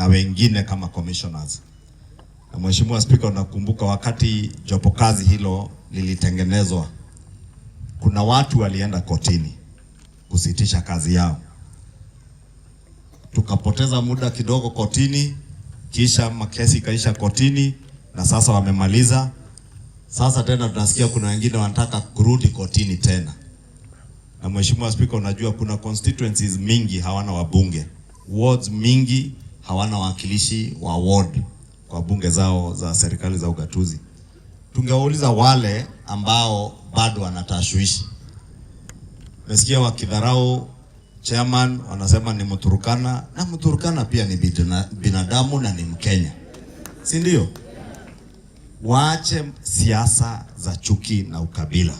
na wengine kama commissioners. Na Mheshimiwa Spika, unakumbuka wakati jopo kazi hilo lilitengenezwa, kuna watu walienda kotini kusitisha kazi yao, tukapoteza muda kidogo kotini, kisha makesi ikaisha kotini, na sasa wamemaliza. Sasa tena tunasikia kuna wengine wanataka kurudi kotini tena. Na Mheshimiwa Spika, unajua kuna constituencies mingi hawana wabunge, wards mingi hawana wawakilishi wa ward kwa bunge zao za serikali za ugatuzi. Tungewauliza wale ambao bado wanatashwishi. Nasikia wakidharau chairman, wanasema ni Mturukana, na Mturukana pia ni binadamu na ni Mkenya, si ndio? Waache siasa za chuki na ukabila.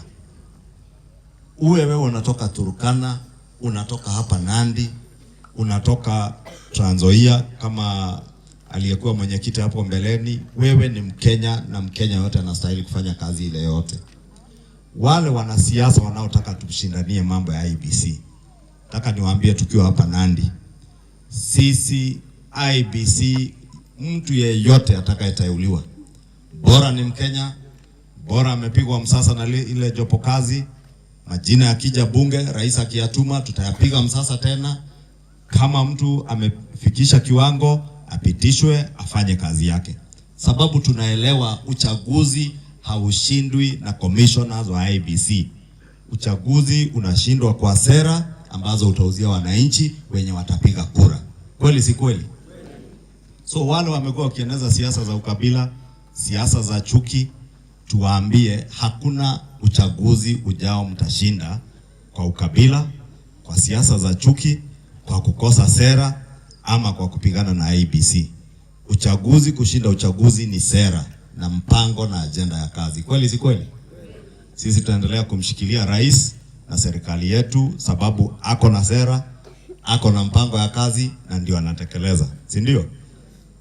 Uwe wewe unatoka Turukana, unatoka hapa Nandi unatoka Trans Nzoia kama aliyekuwa mwenyekiti hapo mbeleni, wewe ni Mkenya na Mkenya yote anastahili kufanya kazi ile yote. Wale wanasiasa wanaotaka tushindanie mambo ya IBC, nataka niwaambie tukiwa hapa Nandi, sisi IBC, mtu yeyote atakayeteuliwa, bora ni Mkenya, bora amepigwa msasa na ile jopo kazi, majina yakija bunge, rais akiyatuma, tutayapiga msasa tena kama mtu amefikisha kiwango apitishwe, afanye kazi yake, sababu tunaelewa uchaguzi haushindwi na commissioners wa IBC. Uchaguzi unashindwa kwa sera ambazo utauzia wananchi wenye watapiga kura. Kweli si kweli? So wale wamekuwa wakieneza siasa za ukabila, siasa za chuki, tuwaambie hakuna uchaguzi ujao mtashinda kwa ukabila, kwa siasa za chuki kwa kukosa sera ama kwa kupigana na IBC. Uchaguzi, kushinda uchaguzi ni sera na mpango na ajenda ya kazi. Kweli si kweli? Sisi tutaendelea kumshikilia rais na serikali yetu, sababu ako na sera, ako na mpango ya kazi na ndio anatekeleza, si ndio?